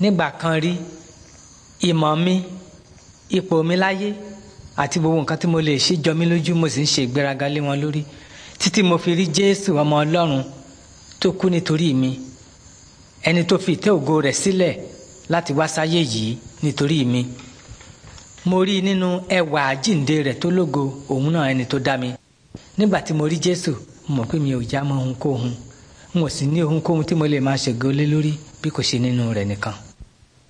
nígbà kan rí ìmọ̀ mi ipò mi láyé àti gbogbo nǹkan tí mo lè ṣe jọ mí lójú mo sì ń ṣe ìgbéraga lé wọn lórí títí mo fi rí Jésù ọmọ Ọlọ́run tó kú nítorí mi ẹni tó fi ìtẹ́ ògo rẹ̀ sílẹ̀ láti wá sáyé yìí nítorí mi mo rí nínú ẹwà àjíǹde rẹ̀ tó lógo òun náà ẹni tó dá mi nígbà tí mo rí Jésù mo mọ̀ pé mi ò já mọ́ ohunkóhun n ò sì ní ohunkóhun tí mo lè máa ṣègo lé lórí bí kò ṣe nínú rẹ̀ nìkan